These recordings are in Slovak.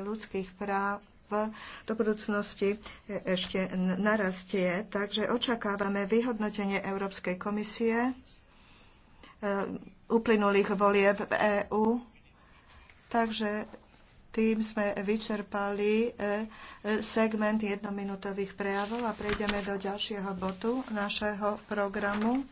ľudských práv do budúcnosti ešte narastie. Takže očakávame vyhodnotenie Európskej komisie e, uplynulých volieb v EÚ. Takže tým sme vyčerpali e, segment jednominútových prejavov a prejdeme do ďalšieho botu našeho programu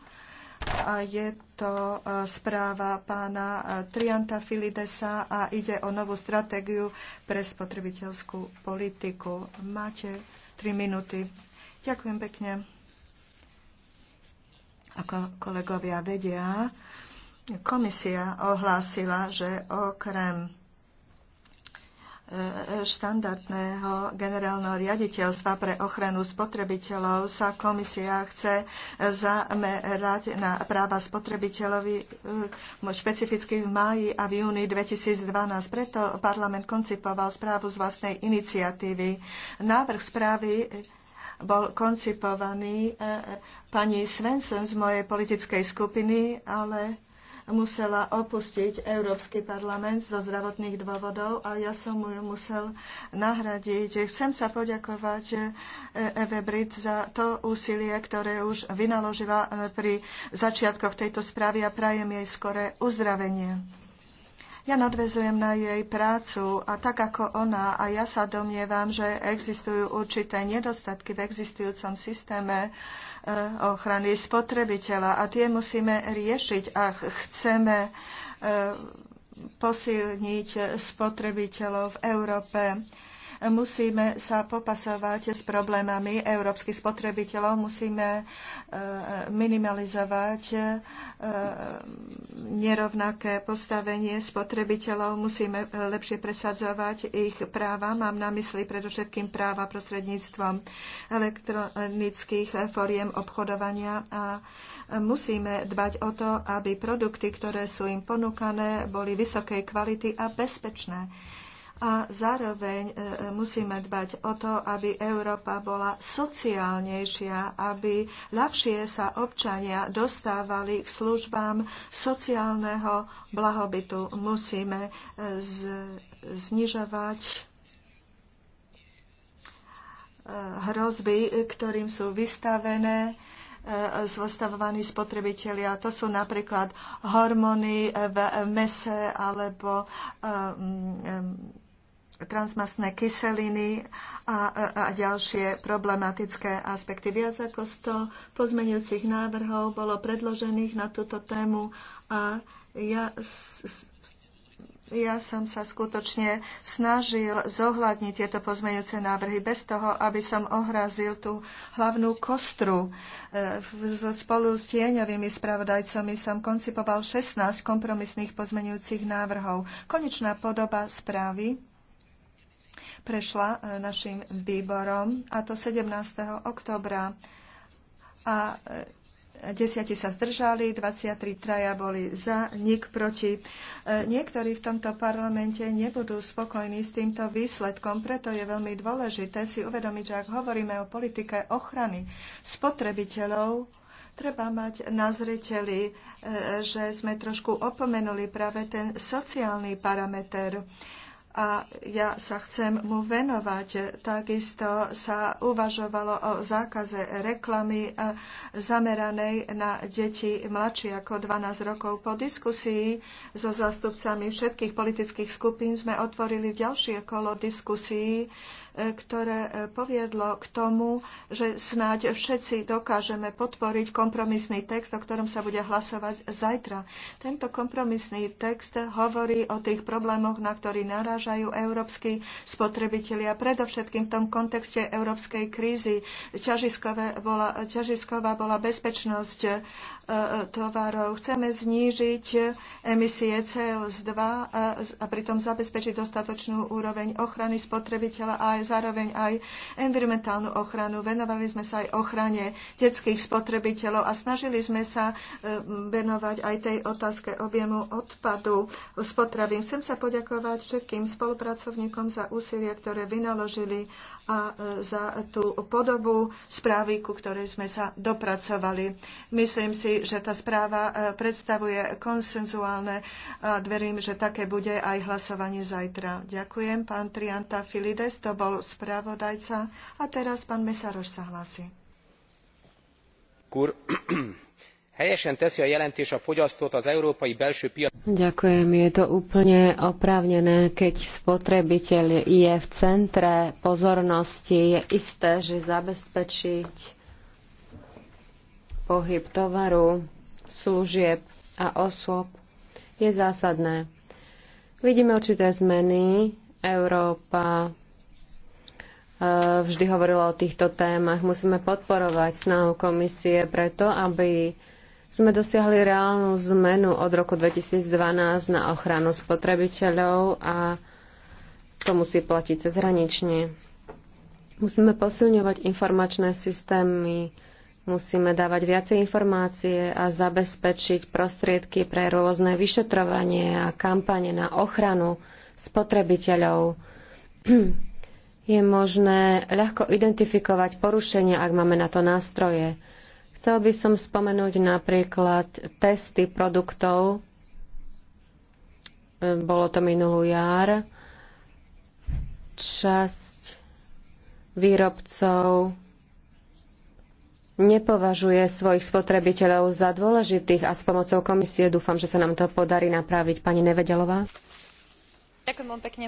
a je to e, správa pána e, Trianta Filidesa a ide o novú stratégiu pre spotrebiteľskú politiku. Máte tri minúty. Ďakujem pekne. Ako kolegovia vedia, komisia ohlásila, že okrem štandardného generálneho riaditeľstva pre ochranu spotrebiteľov sa komisia chce zamerať na práva spotrebiteľovi e, špecificky v máji a v júni 2012. Preto parlament koncipoval správu z vlastnej iniciatívy. Návrh správy bol koncipovaný e, pani Svensson z mojej politickej skupiny, ale musela opustiť Európsky parlament zo zdravotných dôvodov a ja som mu ju musel nahradiť. Chcem sa poďakovať e, Eve Brit za to úsilie, ktoré už vynaložila pri začiatkoch tejto správy a prajem jej skoré uzdravenie. Ja nadvezujem na jej prácu a tak ako ona a ja sa domnievam, že existujú určité nedostatky v existujúcom systéme, Eh, ochrany spotrebiteľa a tie musíme riešiť, ak chceme eh, posilniť spotrebiteľov v Európe. Musíme sa popasovať s problémami európskych spotrebiteľov, musíme e, minimalizovať e, nerovnaké postavenie spotrebiteľov, musíme e, lepšie presadzovať ich práva. Mám na mysli predovšetkým práva prostredníctvom elektronických foriem obchodovania a musíme dbať o to, aby produkty, ktoré sú im ponúkané, boli vysokej kvality a bezpečné a zároveň e, e, musíme dbať o to, aby Európa bola sociálnejšia, aby ľahšie sa občania dostávali k službám sociálneho blahobytu. Musíme e, znižovať hrozby, ktorým sú vystavené zostavovaní spotrebitelia. To sú napríklad hormóny v mese alebo transmastné kyseliny a, a, a ďalšie problematické aspekty. Viac ako 100 pozmeňujúcich návrhov bolo predložených na túto tému a ja, ja som sa skutočne snažil zohľadniť tieto pozmeňujúce návrhy bez toho, aby som ohrazil tú hlavnú kostru. E, spolu s tieňovými spravodajcami som koncipoval 16 kompromisných pozmeňujúcich návrhov. Konečná podoba správy prešla e, našim výborom, a to 17. oktobra. A e, desiati sa zdržali, 23 traja boli za, nik proti. E, niektorí v tomto parlamente nebudú spokojní s týmto výsledkom, preto je veľmi dôležité si uvedomiť, že ak hovoríme o politike ochrany spotrebiteľov, treba mať na zreteli, že sme trošku opomenuli práve ten sociálny parameter a ja sa chcem mu venovať. Takisto sa uvažovalo o zákaze reklamy e, zameranej na deti mladšie ako 12 rokov. Po diskusii so zástupcami všetkých politických skupín sme otvorili ďalšie kolo diskusí E, ktoré e, poviedlo k tomu, že snáď všetci dokážeme podporiť kompromisný text, o ktorom sa bude hlasovať zajtra. Tento kompromisný text hovorí o tých problémoch, na ktorý narážajú európsky spotrebitelia, predovšetkým v tom kontexte európskej krízy. Ťažisková bola, ťažisková bola bezpečnosť e, tovarov. Chceme znížiť emisie CO2 a pritom zabezpečiť dostatočnú úroveň ochrany spotrebiteľa a ale zároveň aj environmentálnu ochranu. Venovali sme sa aj ochrane detských spotrebiteľov a snažili sme sa e, venovať aj tej otázke objemu odpadu z Chcem sa poďakovať všetkým spolupracovníkom za úsilie, ktoré vynaložili a e, za tú podobu správy, ku ktorej sme sa dopracovali. Myslím si, že tá správa e, predstavuje konsenzuálne a verím, že také bude aj hlasovanie zajtra. Ďakujem, pán Trianta Filides. To bol bol spravodajca a teraz pán Mesaroš sa hlási. Kur, helyesen teszi a jelentés a fogyasztót az európai belső piac... Ďakujem, je to úplne oprávnené, keď spotrebiteľ je v centre pozornosti, je isté, že zabezpečiť pohyb tovaru, služieb a osôb je zásadné. Vidíme určité zmeny. Európa Eh, vždy hovorila o týchto témach. Musíme podporovať snahu komisie preto, aby sme dosiahli reálnu zmenu od roku 2012 na ochranu spotrebiteľov a to musí platiť cezhranične. Musíme posilňovať informačné systémy, musíme dávať viacej informácie a zabezpečiť prostriedky pre rôzne vyšetrovanie a kampane na ochranu spotrebiteľov je možné ľahko identifikovať porušenia, ak máme na to nástroje. Chcel by som spomenúť napríklad testy produktov. Bolo to minulú jar. Časť výrobcov nepovažuje svojich spotrebiteľov za dôležitých a s pomocou komisie dúfam, že sa nám to podarí napraviť. Pani Nevedelová. Ďakujem pekne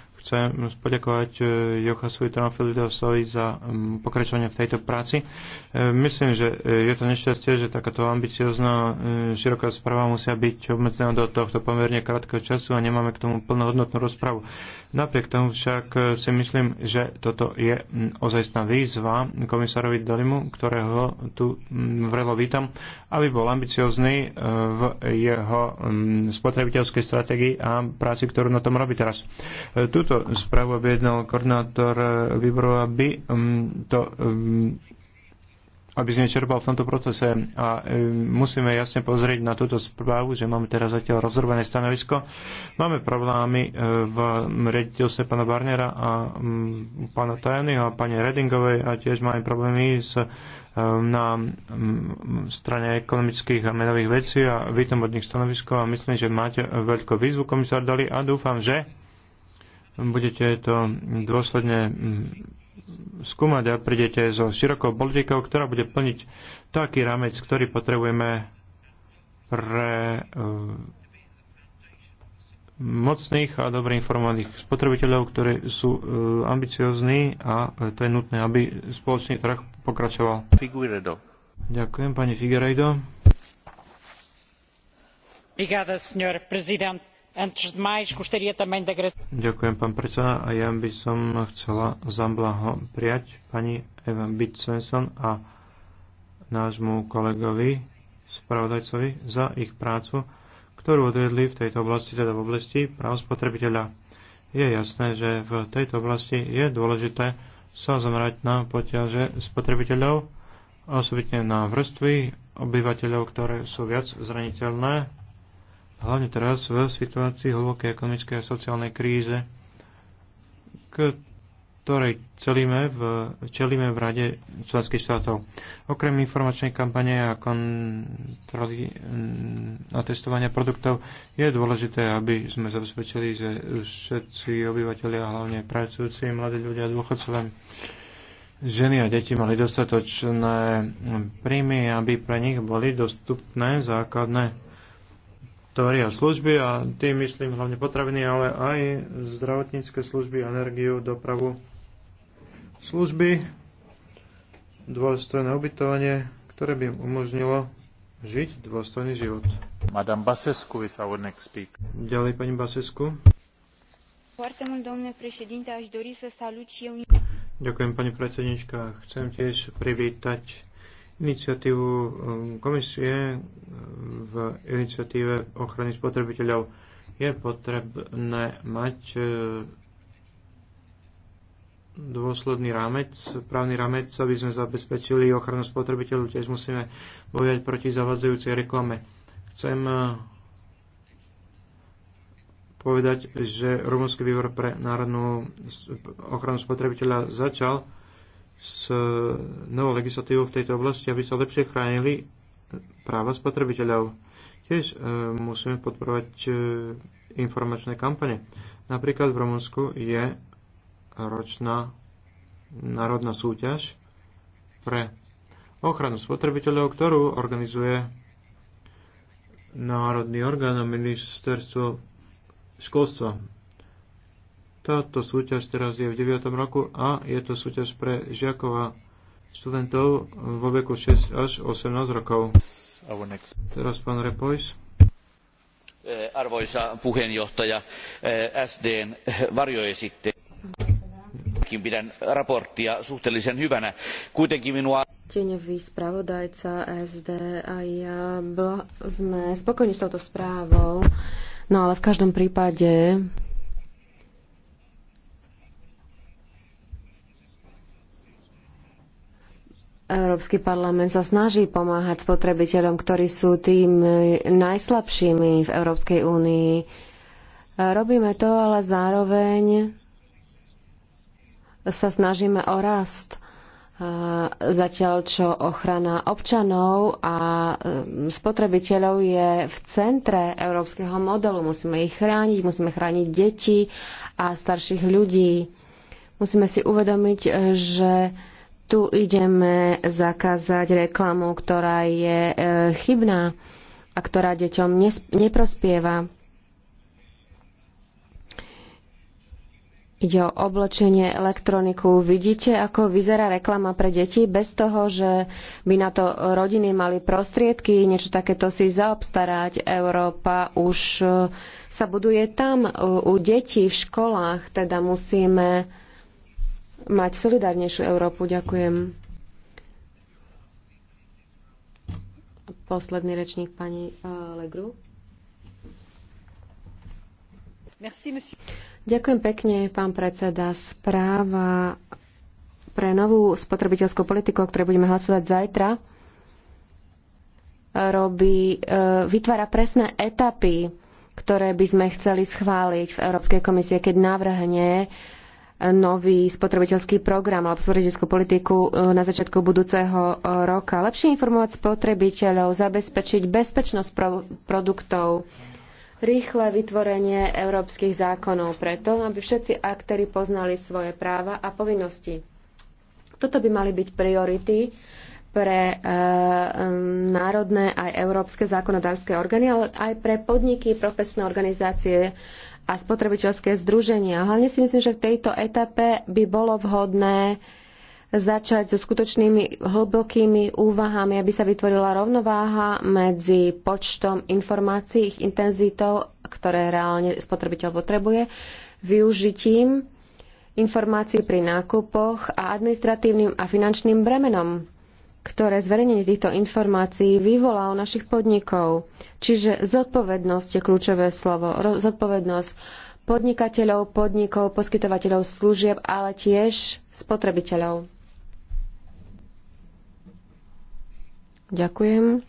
chcem poďakovať e, Jochasovi Tranfilidosovi za mm, pokračovanie v tejto práci. E, myslím, že e, je to nešťastie, že takáto ambiciozná široká správa musia byť obmedzená do tohto pomerne krátkeho času a nemáme k tomu plnohodnotnú rozpravu. Napriek tomu však si myslím, že toto je ozajstná výzva komisárovi Dalimu, ktorého tu vrelo vítam, aby bol ambiciozný v jeho spotrebiteľskej stratégii a práci, ktorú na tom robí teraz. Tuto Túto správu objednal koordinátor eh, výboru, aby mm, to mm, aby sme čerpal v tomto procese. A e, musíme jasne pozrieť na túto správu, že máme teraz zatiaľ rozrobené stanovisko. Máme problémy e, v rediteľstve pána Barnera a m, mm, pána Tajanyho a pani Redingovej a tiež máme problémy s e, na m, strane ekonomických a menových vecí a výtom od nich stanovisko a myslím, že máte veľkú výzvu, komisár Dali, a dúfam, že budete to dôsledne mm, skúmať a prídete so širokou politikou, ktorá bude plniť taký ramec, ktorý potrebujeme pre mm, mocných a dobre informovaných spotrebiteľov, ktorí sú e, ambiciozní a to je nutné, aby spoločný trh pokračoval. Figueredo. Ďakujem, pani Figueredo. Obrigada, senhor presidente Ďakujem, pán predseda. A ja by som chcela zamblaho prijať pani Eva Bitsenson a nášmu kolegovi, spravodajcovi, za ich prácu, ktorú odvedli v tejto oblasti, teda v oblasti práv spotrebiteľa. Je jasné, že v tejto oblasti je dôležité sa zamerať na poťaže spotrebiteľov, osobitne na vrstvy obyvateľov, ktoré sú viac zraniteľné hlavne teraz v situácii hlbokej ekonomickej a sociálnej kríze, ktorej celíme v, čelíme v Rade členských štátov. Okrem informačnej kampane a kontroly mm, a testovania produktov je dôležité, aby sme zabezpečili, že všetci obyvateľia, hlavne pracujúci, mladí ľudia dôchodcovia, ženy a deti mali dostatočné príjmy, aby pre nich boli dostupné základné tovary a služby a tým myslím hlavne potraviny, ale aj zdravotnícke služby, energiu, dopravu, služby, dôstojné ubytovanie, ktoré by umožnilo žiť dôstojný život. Madame Basescu is our next speak. Ďalej pani Basescu. Ďakujem pani predsednička. Chcem tiež privítať iniciatívu um, komisie um, v iniciatíve ochrany spotrebiteľov je potrebné mať uh, dôsledný rámec, právny rámec, aby sme zabezpečili ochranu spotrebiteľov. Tiež musíme bojať proti zavadzajúcej reklame. Chcem uh, povedať, že Rumunský výbor pre národnú ochranu spotrebiteľa začal s novou legislatívou v tejto oblasti, aby sa lepšie chránili práva spotrebiteľov. Tiež e, musíme podporovať e, informačné kampane. Napríklad v Rumunsku je ročná národná súťaž pre ochranu spotrebiteľov, ktorú organizuje národný orgán a ministerstvo školstva táto súťaž teraz je v 9. roku a je to súťaž pre žiakov a študentov vo veku 6 až 18 rokov. Teraz pán Repois. Eh, arvoisa puheenjohtaja, eh, SDn varjoesitte. Pidän raporttia suhteellisen hyvänä. Kuitenkin minua Tieňový spravodajca SD a ja sme spokojní s touto správou, no ale v každom prípade Európsky parlament sa snaží pomáhať spotrebiteľom, ktorí sú tým e, najslabšími v Európskej únii. E, robíme to, ale zároveň sa snažíme o rast. E, zatiaľ, čo ochrana občanov a spotrebiteľov je v centre európskeho modelu. Musíme ich chrániť, musíme chrániť deti a starších ľudí. Musíme si uvedomiť, že tu ideme zakázať reklamu, ktorá je e, chybná a ktorá deťom neprospieva. Ide o oblečenie, elektroniku. Vidíte, ako vyzerá reklama pre deti bez toho, že by na to rodiny mali prostriedky, niečo takéto si zaobstarať. Európa už e, sa buduje tam, e, u detí, v školách, teda musíme mať solidárnejšiu Európu. Ďakujem. Posledný rečník pani eh, Legru. Merci, Ďakujem pekne, pán predseda. Správa pre novú spotrebiteľskú politiku, o ktorej budeme hlasovať zajtra, robí, eh, vytvára presné etapy, ktoré by sme chceli schváliť v Európskej komisie, keď navrhne uh, nový spotrebiteľský program alebo spotrebiteľskú politiku e, na začiatku budúceho e, roka. Lepšie informovať spotrebiteľov, zabezpečiť bezpečnosť pro- produktov, rýchle vytvorenie európskych zákonov preto, aby všetci aktéry poznali svoje práva a povinnosti. Toto by mali byť priority pre e, národné aj európske zákonodárske orgány, ale aj pre podniky, profesné organizácie, a spotrebiteľské združenia. Hlavne si myslím, že v tejto etape by bolo vhodné začať so skutočnými hlbokými úvahami, aby sa vytvorila rovnováha medzi počtom informácií, ich intenzitou, ktoré reálne spotrebiteľ potrebuje, využitím informácií pri nákupoch a administratívnym a finančným bremenom ktoré zverejnenie týchto informácií vyvolá u našich podnikov. Čiže zodpovednosť je kľúčové slovo. Zodpovednosť podnikateľov, podnikov, poskytovateľov služieb, ale tiež spotrebiteľov. Ďakujem.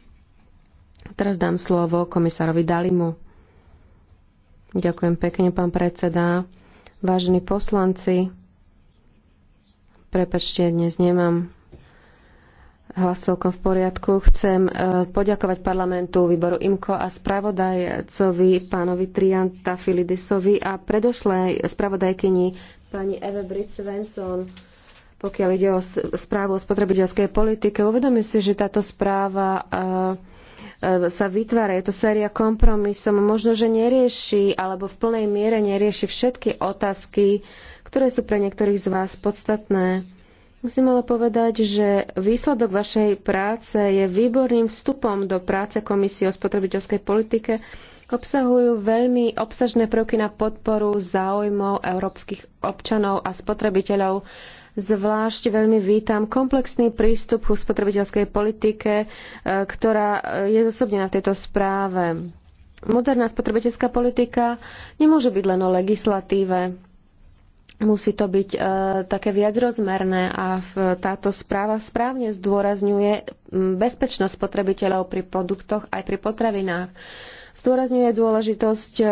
Teraz dám slovo komisárovi Dalimu. Ďakujem pekne, pán predseda. Vážení poslanci, prepačte, dnes nemám Hlasovkom v poriadku. Chcem e, poďakovať parlamentu, výboru IMKO a spravodajcovi pánovi Trianta Filidisovi a predošlej spravodajkyni pani Eve Brit Svensson, pokiaľ ide o správu o spotrebiteľskej politike. Uvedomím si, že táto správa e, e, sa vytvára. Je to séria kompromisom. Možno, že nerieši, alebo v plnej miere nerieši všetky otázky, ktoré sú pre niektorých z vás podstatné Musím ale povedať, že výsledok vašej práce je výborným vstupom do práce Komisie o spotrebiteľskej politike. Obsahujú veľmi obsažné prvky na podporu záujmov európskych občanov a spotrebiteľov. Zvlášť veľmi vítam komplexný prístup ku spotrebiteľskej politike, e, ktorá e, je zosobnená v tejto správe. Moderná spotrebiteľská politika nemôže byť len o legislatíve Musí to byť e, také viacrozmerné a v, táto správa správne zdôrazňuje bezpečnosť spotrebiteľov pri produktoch aj pri potravinách. Zdôrazňuje dôležitosť e,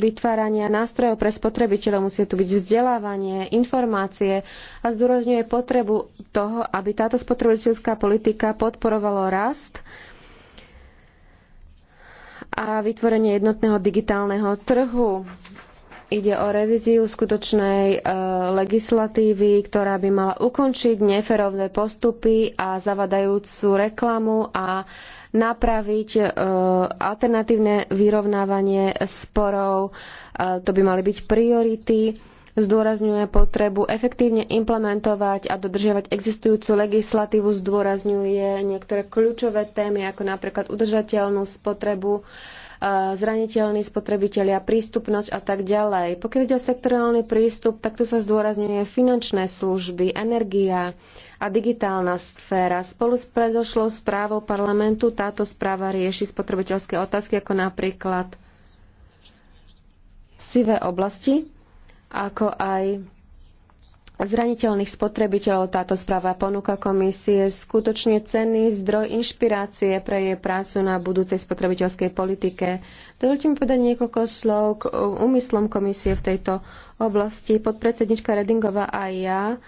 vytvárania nástrojov pre spotrebiteľov, musí tu byť vzdelávanie, informácie a zdôrazňuje potrebu toho, aby táto spotrebiteľská politika podporovala rast a vytvorenie jednotného digitálneho trhu. Ide o revíziu skutočnej e, legislatívy, ktorá by mala ukončiť neferovné postupy a zavadajúcu reklamu a napraviť e, alternatívne vyrovnávanie sporov. E, to by mali byť priority. Zdôrazňuje potrebu efektívne implementovať a dodržiavať existujúcu legislatívu, zdôrazňuje niektoré kľúčové témy, ako napríklad udržateľnú spotrebu zraniteľní spotrebitelia, prístupnosť a tak ďalej. Pokiaľ ide o sektoriálny prístup, tak tu sa zdôrazňuje finančné služby, energia a digitálna sféra. Spolu s predošlou správou parlamentu táto správa rieši spotrebiteľské otázky ako napríklad sivé oblasti, ako aj zraniteľných spotrebiteľov táto správa ponúka komisie skutočne cenný zdroj inšpirácie pre jej prácu na budúcej spotrebiteľskej politike. Dovolte mi povedať niekoľko slov k úmyslom komisie v tejto oblasti. Podpredsednička Redingová a ja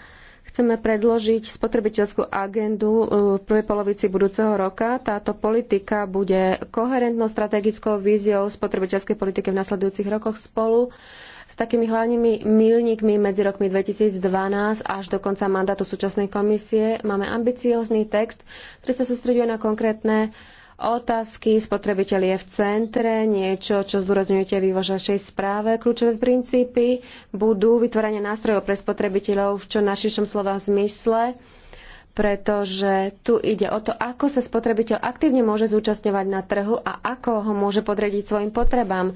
chceme predložiť spotrebiteľskú agendu uh, v prvej polovici budúceho roka. Táto politika bude koherentnou strategickou víziou spotrebiteľskej politiky v nasledujúcich rokoch spolu s takými hlavnými milníkmi medzi rokmi 2012 až do konca mandátu súčasnej komisie. Máme ambiciózny text, ktorý sa sústreďuje na konkrétne otázky. Spotrebiteľ je v centre, niečo, čo zdôrazňujete v vašej správe. Kľúčové princípy budú vytvorenie nástrojov pre spotrebiteľov v čo najširšom slova zmysle pretože tu ide o to, ako sa spotrebiteľ aktívne môže zúčastňovať na trhu a ako ho môže podrediť svojim potrebám.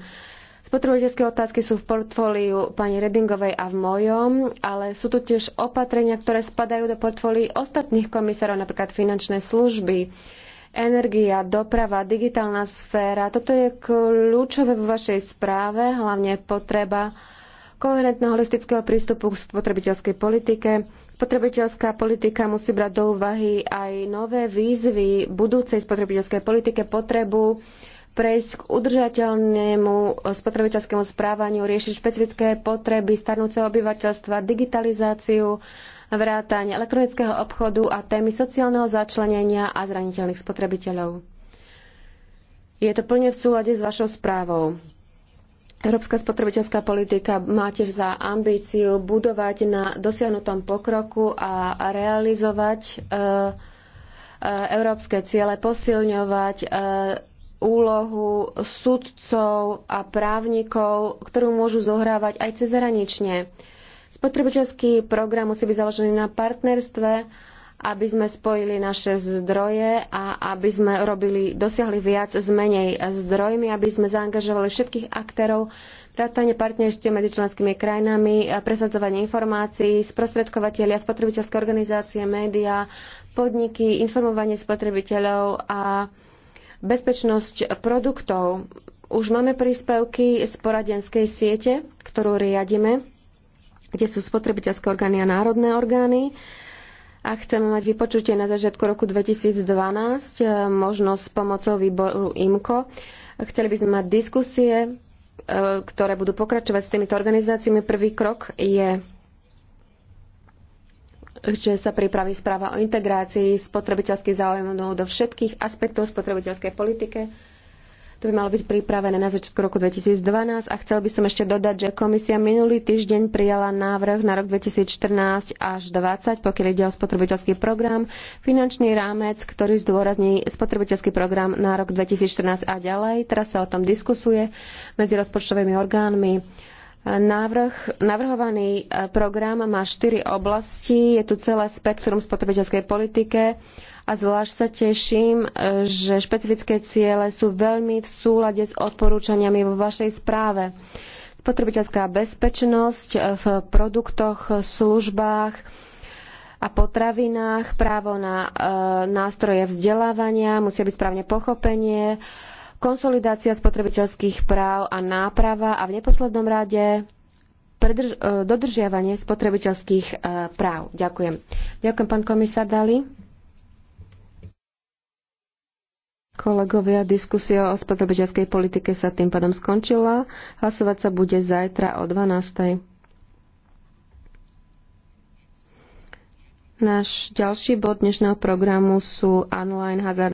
Spotrebiteľské otázky sú v portfóliu pani Redingovej a v mojom, ale sú tu tiež opatrenia, ktoré spadajú do portfólií ostatných komisárov, napríklad finančné služby, energia, doprava, digitálna sféra. Toto je kľúčové vo vašej správe, hlavne potreba koherentného holistického prístupu k spotrebiteľskej politike. Spotrebiteľská politika musí brať do úvahy aj nové výzvy budúcej spotrebiteľskej politike, potrebu prejsť k udržateľnému spotrebiteľskému správaniu, riešiť špecifické potreby starnúceho obyvateľstva, digitalizáciu, vrátanie elektronického obchodu a témy sociálneho začlenenia a zraniteľných spotrebiteľov. Je to plne v súlade s vašou správou. Európska spotrebiteľská politika má tiež za ambíciu budovať na dosiahnutom pokroku a realizovať e, e, európske ciele, posilňovať e, úlohu sudcov a právnikov, ktorú môžu zohrávať aj cezhranične. Spotrebiteľský program musí byť založený na partnerstve, aby sme spojili naše zdroje a aby sme robili, dosiahli viac s menej zdrojmi, aby sme zaangažovali všetkých aktérov, vrátanie partnerstiev medzi členskými krajinami, presadzovanie informácií, sprostredkovateľia, spotrebiteľské organizácie, médiá, podniky, informovanie spotrebiteľov a Bezpečnosť produktov. Už máme príspevky z poradenskej siete, ktorú riadime, kde sú spotrebiteľské orgány a národné orgány. A chceme mať vypočutie na začiatku roku 2012, e, možno s pomocou výboru IMCO. Chceli by sme mať diskusie, e, ktoré budú pokračovať s týmito organizáciami. Prvý krok je že sa pripraví správa o integrácii spotrebiteľských záujmov do všetkých aspektov spotrebiteľskej politike. To by malo byť pripravené na začiatku roku 2012 a chcel by som ešte dodať, že komisia minulý týždeň prijala návrh na rok 2014 až 2020, pokiaľ ide o spotrebiteľský program, finančný rámec, ktorý zdôrazní spotrebiteľský program na rok 2014 a ďalej. Teraz sa o tom diskusuje medzi rozpočtovými orgánmi Návrh, navrhovaný e, program má štyri oblasti, je tu celé spektrum spotrebiteľskej politike a zvlášť sa teším, e, že špecifické ciele sú veľmi v súlade s odporúčaniami vo vašej správe. Spotrebiteľská bezpečnosť e, v produktoch, službách a potravinách, právo na nástroje vzdelávania, musia byť správne pochopenie, konsolidácia spotrebiteľských práv a náprava a v neposlednom rade e, dodržiavanie spotrebiteľských e, práv. Ďakujem. Ďakujem, pán komisár Dali. Kolegovia, diskusia o spotrebiteľskej politike sa tým pádom skončila. Hlasovať sa bude zajtra o 12.00. Náš ďalší bod dnešného programu sú online hazard